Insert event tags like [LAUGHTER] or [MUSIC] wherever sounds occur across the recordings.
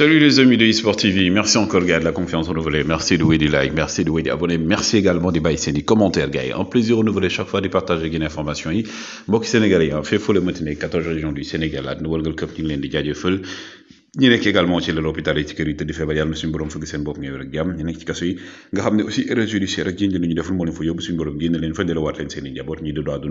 Salut les amis de eSport TV, merci encore gars de la confiance renouvelée, merci de des likes, merci de des abonnés, merci également de baisser des commentaires gars. Un plaisir renouvelé chaque fois de partager des informations. Mbokk sénégalais, on fait, faut le maintenir 14 régions du Sénégal, la Nouvelle World Cup ñu leen di il ñi nekk également ci lal hôpital yi de février, yi tëdd feebar yàlla na suñu borom fëgg seen bopp ñu wér ak jàmm ñi nekk ci kaso yi nga xam ne aussi erreur judiciaire ak jënd ñu deful moo leen fa yóbbu suñu borom génn leen fa delluwaat leen seen i njaboot ñi dëddu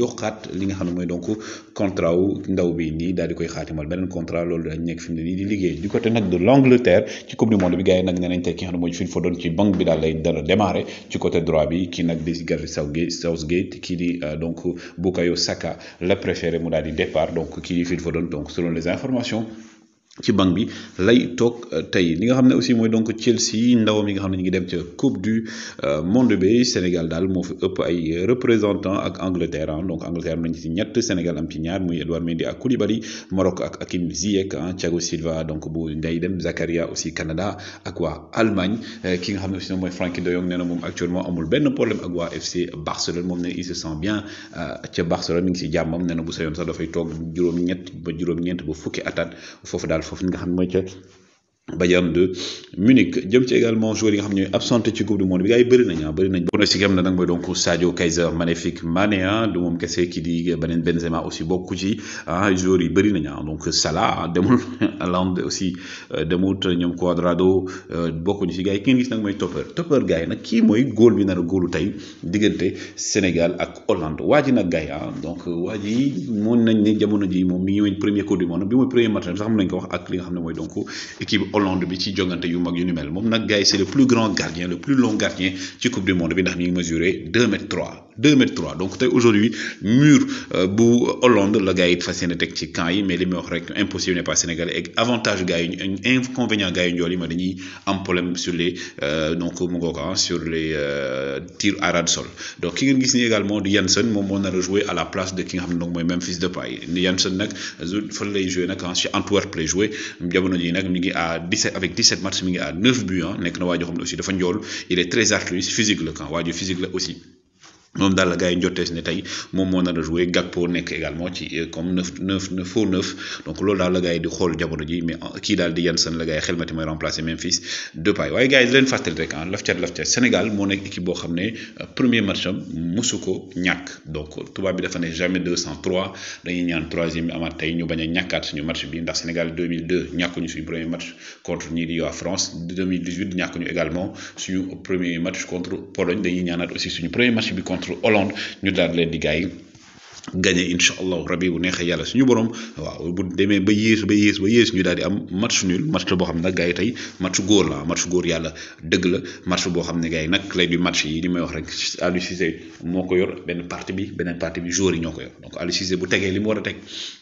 yokkaat li nga xam moy donc contrat wu ndaw bi ni dal di koy xaatimal benen contrat lolou dañ nekk ni di liggéey du côté nak de l'Angleterre ci coupe du monde bi gaay nak nag nee nañ tey ki nga xam ne mooy ci banque bi daal lay démarrer ci côté droit bi kii nag di Gareth Southgate qui kii di euh, donc Bukayo Saka la préféré mu dal di départ donc qui di fo Foden donc selon les informations ci banc bi lay tok euh, tay li nga xam aussi moy donc Chelsea ndawam yi nga xam ne ñu ngi dem ci coupe du euh, monde bi Sénégal dal moo fi ëpp ay représentant ak Angleterre hein. donc Angleterre am ci ñett Sénégal am ci ñaar muy Edouard Mendy ak Koulibaly Maroc ak Hakim Ziyech hein. Thiago Silva donc bu ngay dem Zakaria aussi Canada ak quoi Allemagne euh, ki nga xam aussi moy Frankie de Jong nee na actuellement amul ben problème ak FC Barcelone mom ne il se sent bien ci Barcelone mi ngi si jàmmam nee na bu sa yoon sax dafay toog juróom-ñett ba juróom ñent bu fukki atat fofu daal daal foofu nga xam mooy ca Bayern de Munich jëm ci également joueurs yi nga xam ne ñooy ci coupe du monde bi gars yi bëri nañ ah bëri nañ pronostic yi na nag mooy donc Sadio Kaiser magnifique Mané ah du moom kese ki di beneen Benzema aussi bokku ci ah joueurs yi bëri nañ ah, donc Salah ah, demul [LAUGHS] Land aussi euh, demut ñoom Cuadrado euh, bokkuñu ci gars yi ki ngeen gis nag mooy Topper Topper gars yi nag kii goal góol bi nar a góolu tey Sénégal ak Hollande waa na nag gars ah, donc waa mon mën nañ ne jamono ji moom mi ngi woon premier coupe du monde bi mooy premier match sax mën nañ ko wax ak li nga xam ne donc équipe bi ci jogante yu mag yu mel mom nak gay c'est le plus grand gardien le plus long gardien ci Coupe du monde bi ndax mi 2m3 2003 donc aujourd'hui mur euh, bu Hollande la gars yi fas yéene teg ci camp yi mais li meilleurs rek impossible n'est pas sénégalais et avantage gars yi inconvénient gars yi njool yi ma dañuy am problème sur les euh, donc mu ah, sur les euh, tirs à ras de sol donc ki ngeen ni également di Janssen, moom a jouer à la place de ki nga xam ne donc mooy Memphis Depay ni Jansen nag fa lay jouer nag ah ci Antwerp jouer jamono ji nag à 17 avec 17 matchs mi ngi 9 buts ah nekk na aussi dafa il est très athlétique, physique le quand physique aussi mom dal la gars yi jotee si ne tey moom Gakpo nek également ci euh, comme neuf neuf neuf 9 neuf donc loolu dal la gars di xol jamono ji mais euh, ki dal di Jansen la gars yi xelmati mooy remplacé Memphis Depay waaye gars yi di leen fàttali rek ah laf cat laf Sénégal moo nekk équipe bo xamné euh, premier match musuko ñak donc touba bi dafa né jamais 203 dañuy ñaan troisième bi amaat tay ñu baña ñakat ñàkkaat suñu match bi ndax Sénégal 2002 ñu suñu premier match contre ñi di wa France 2018 ñu également suñu premier match contre Pologne dañuy ñaanat aussi suñu premier match bi contre contre Hollande ñu daal leen di gaay gagné incha allahu rabi bu neexee yàlla suñu borom waaw bu démé ba yées ba yées ba yées ñu daal di am match nul match bo boo gaay tay match góor la match góor yàlla deug la match bo xamné gaay nak lay du match yi limay wax rek Aliou Cissé moko yor ben parti bi benen parti bi joueur yi ñoko yor donc Aliou Cissé bu tegee limu wara war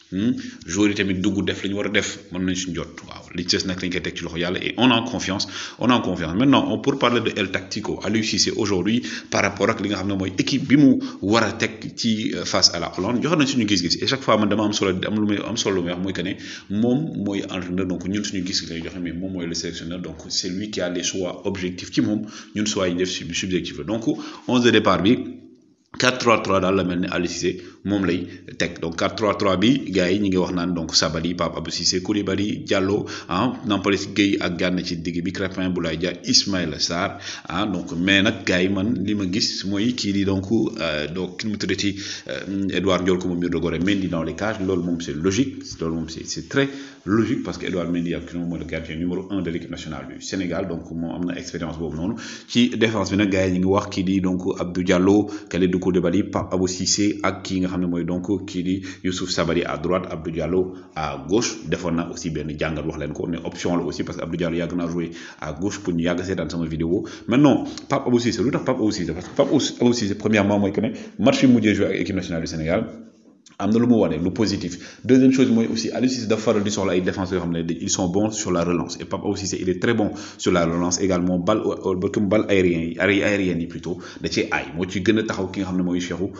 Hmm? joueurs yi tamit dugg def li ñu war a def mën nañ suñ jot waaw li ci des nag lañ koy teg ci loxo yàlla et on a confiance on a confiance maintenant on pour parler de El Tactico Aliou c'est aujourd'hui par rapport ak li nga xam ne mooy équipe bi mu war a teg ci euh, face à la Hollande joxe nañ suñu gis-gis et chaque fois man dama am solo am lu may am solo lu may wax mooy que ne moom mooy entraîneur donc ñun suñu gis-gis lañ joxe mais moom mooy le sélectionneur donc c'est lui qui a les choix objectifs ci moom ñun choix yi def subjectif la donc 11 de départ bi 4-3-3 dans la mel ni Aliou Cissé lay donc 4-3-3 bi gay yi ñu ngi wax naan donc Sabali Pape Abou Cissé Koulibaly Diallo ah Nampolis Guèye ak Gana ci digg bi Crépin Boulaye Dia Ismaïla Sarr ah donc mais nag gars man li ma gis mooy kii di donc euh, donc ki Edouard euh, Ndiol ko moom ñu dogore Mendy dans les cages loolu c'est logique loolu moom c' très logique parce que Edouard Mendy ak moom mooy le gardien numéro un de l'équipe nationale du Sénégal donc moom am expérience boobu noonu ci défense bi gay gars yi ñu ngi wax di donc Abdou Diallo Kalidou de Koulibaly par Abou Sissé, ak kii nga xam donc kii di Youssouf Sabali à droite Abdou Diallo à gauche defoon aussi aussi bien jàngat wax leen ko option aussi parce que Abdou Diallo a joué à gauche pour ñu accéder dans sama vidéo maintenant Pape Abou c'est lu Pape Abou Sissé, parce que Pape Abou Sissé, premièrement moi, je connais, match yi joué ak équipe nationale du Sénégal am na lu mu wane lu positif deuxième chose mooy aussi Aliou Cissé dafa faral di soxla ay défenseurs xam ne ils sont bons sur la relance et Pape aussi c'est il est très bon sur la relance également bal batum bal aérien yi yi plutôt da ci ay moo ci gën a taxaw ki nga xam ne mooy Cheikhou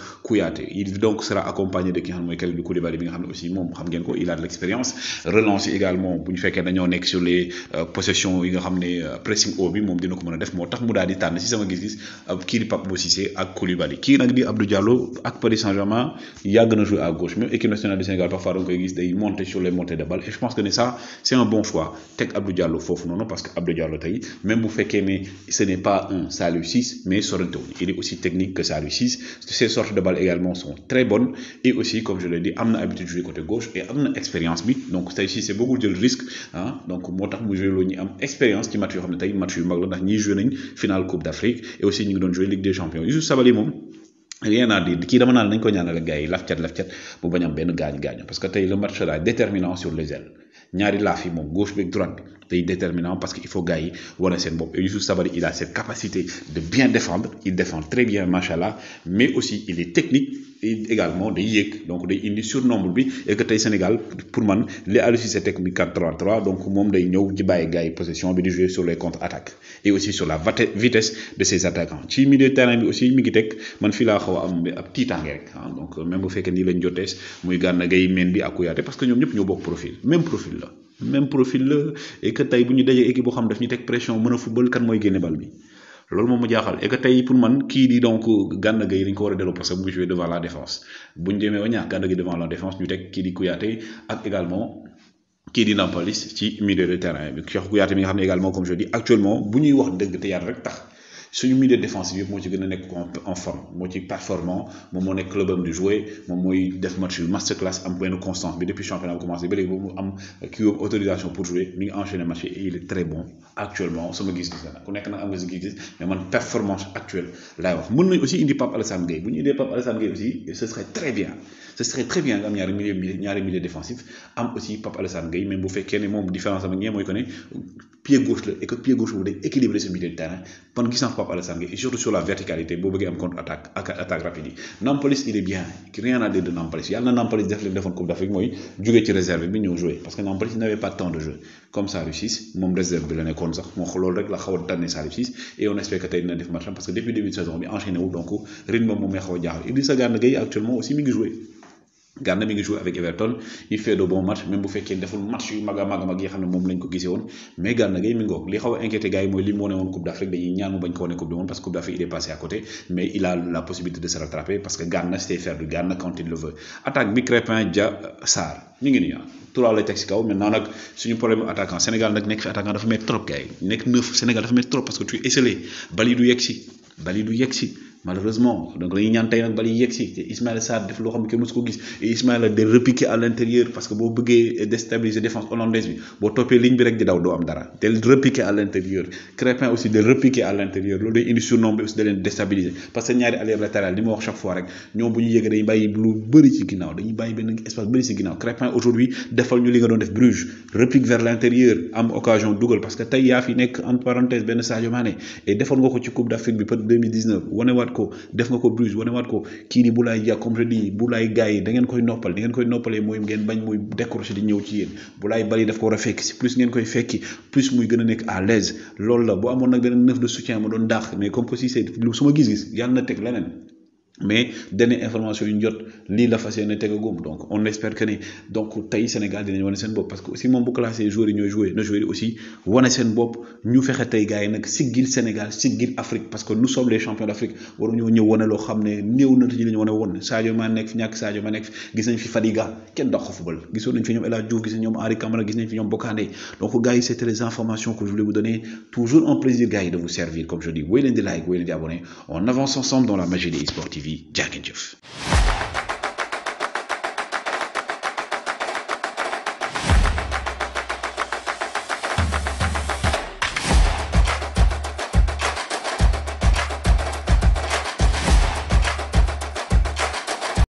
il donc sera accompagné de ki nga xam ne mooy Kalidou Koulibaly bi nga xam ne aussi moom xam ngeen ko il a de l'expérience relance yi également bu ñu fekkee dañoo nekk sur les euh, possessions yi nga xam ne euh, pressing haut bi moom dina ko mën a def moo tax mu daal di tànn si sama gis-gis euh, kii di aussi c'est ak coulibaly kii nag di Abdou Diallo ak Paris Saint-Germain yàgg na jouer gauche. Même l'équipe nationale du Sénégal, parfois, on peut voir monter sur les montées de balles. Et je pense que ça, c'est un bon choix. Tech Abdou Diallo, fauf, non, non, parce que Abdou Diallo, même vous faites mais ce n'est pas un salut 6, mais Sorrento. Il est aussi technique que salut 6. Ces sortes de balles également sont très bonnes. Et aussi, comme je l'ai dit, Amna a l'habitude de jouer côté gauche et Amna expérience Donc, ça ici, c'est beaucoup de risques. Hein. Donc, moi, je joue le Am expérience qui m'a tué, tué Maglon, qui joue le Finale Coupe d'Afrique et aussi, nous avons joué Ligue des Champions. Il joue ça, les mômes. rien à dire kii dama naan nañ ko ñaanal gars yi laf cat laf cat bu bañ am benn gaañu gaañu parce que tey le match là déterminant sur les ailes ñaari laaf yi moom gauche beeg droite bi C'est déterminant parce qu'il faut gagner. il a cette capacité de bien défendre il défend très bien machallah mais aussi il est technique et également de yek. donc il indi surnombre bi et que tay Sénégal pour man les Aliou Cissé teg 4 donc mom day ñëw ci possession bi di jouer sur les contre attaques et aussi sur la vitesse de ses attaquants ci milieu terrain aussi mi ngi teg man fi la xaw am rek ah, donc même bu fekkee ni lañ jotees muy Gana Gueye Mendy ak parce que ñom ñep ñoo bok profil même profil là même profil la et que tay buñu dajé équipe bo xam daf ñu tek pression mëna football kan moy génne bal bi loolu moom mu jaaxal et que tay pour man ki di donc ganna gay dañ ko wara a delloo parce que mu joué devant la défense bu démé demee ba ñaax Gana devant la défense ñu tek ki di kuyaté ak également ki di Nampalys ci milieu de terrain bi Cheikh kuyaté mi nga xam ne également comme je dis actuellement buñuy wax dëgg te yàlla rek tax suñu milieu défensif yëpp moo ci gën a nekk en forme moo ci performant moom moo nekk club am di jouer moom mooy def match yu master class am benn constance bi depuis championnat bu commencé ba léegi mu am kii autorisation pour jouer mi ngi enchaîné match et il est très bon actuellement sama gis-gis la ku nekk nag am nga si gis-gis mais man performance actuelle laay wax mën nañ aussi indi Pape Alassane Gueye bu ñu indee Pape Alassane Gueye aussi ce serait très bien ce serait très bien nga am ñaari milieu ñaari milieu défensif am aussi Pape Alassane Gueye même bu fekkee ne moom différence am ak ñee mooy que ne pied gauche la et que pied gauche boobu équilibrer ce milieu de terrain man gis pas Pape Alassane Gueye et surtout sur la verticalité boo bëggee am contre attaque ak attaque rapide Nampolis, il est bien rien à dire de N'Ampolis. Nampalys yàlla na N'Ampolis def li mu defoon Coupe d'Afrique mooy jógee ci réserve bi ñëw jouer parce que N'Ampolis n'avait pas tant de jeu comme ça réussisse, mon réserve bi la nekkoon sax moo loolu rek la xaw a tànnee Salif et on espère que tey dina def match parce que depuis début de saison bi enchaîné wu donc rythme moom mooy xaw Il dit Idrissa garde actuellement aussi mi ngi jouer Gana mi ngi joué avec Everton il fait de bons matchs même bu fekkee deful match yu maga maga mag a mag yi xam ne lañ ko gissé won mais Gana Gueye mi ngoog li xaw a inquiété gars yi li mu won Coupe d'Afrique dañuy ñaan mu bañ ko woné Coupe du Monde parce que Coupe d'Afrique il est passé à côté mais il a la possibilité de se rattraper parce que Gana c'est faire du Gana quand il le veut attaque bi Dia sar. ñu ngi nii ah trois lay teg si kaw maintenant nag suñu problème attaquant Sénégal nak nekk fi attaquant dafa met trop gay nek nekk neuf Sénégal dafa met trop parce que tu es esselé Bali du yegg Bali du yegg malheureusement donc dañuy ñaan tey nag bala ñuy yegg si te Ismaïla def loo xam ne mësu ko gis et Ismaïla de repiquer à l'intérieur parce que boo bëggee déstabiliser défense hollandaise bi boo toppee ligne bi rek di daw doo am dara te repiquer à l'intérieur Crépin aussi de repiquer à l'intérieur loolu day indi surnom bi aussi da leen déstabiliser parce que ñaari arrière latéral li ma wax chaque fois rek ñoom bu ñu yëgee dañuy bàyyi lu bëri ci ginnaaw dañuy bàyyi benn espace bëri ci ginnaaw Crépin aujourd'hui defal ñu li nga doon def Bruges repique vers l'intérieur am occasion dugal parce que tey yaa fi nekk en parenthèse benn Sadio Mané et defal nga ko ci Coupe d'Afrique bi peut 2019 wane waat ko def nga ko Bruges wanemaat ko kii di Boulaye Dia comme je dis Boulaye gars yi da ngeen koy noppal da koy noppalee mooy ngeen bañ muy décroché di ñëw ci yéen Boulaye Bally daf ko war a fekk si plus ngeen koy fekki plus muy gën a nekk à l'aise loolu la boo amoon nag beneen neuf de soutien ma doon dàq mais comme que si c'est lu suma gis-gis yàlla na teg leneen mais dernière information yu ñu jot lii la fas yéene tegagum donc on espère que ni donc tay Sénégal dinañ wone sen bop parce que aussi mom bu classé joueur yi jouer joué na joueurs aussi wone sen bop ñu fexé tay gaay nak sigil siggil Sénégal Afrique parce que nous sommes les champions d'afrique waru ñu ñew wone lo xamné ne néew na ñi la ñu wane Sadio Mané nekk fi ñak Sadio Mané nekk fi gis nañ fi Fadiga ken dox football gis nañ fi ñom El Diouf gis nañ ñom Henri Camara gis nañ fi ñom Bokandé donc gaay c'était les informations que je voulais vous donner toujours un plaisir gars de vous servir comme je dis wéy di like wéy di abonné on avance ensemble dans la magie des sportifs Jack and Jeff.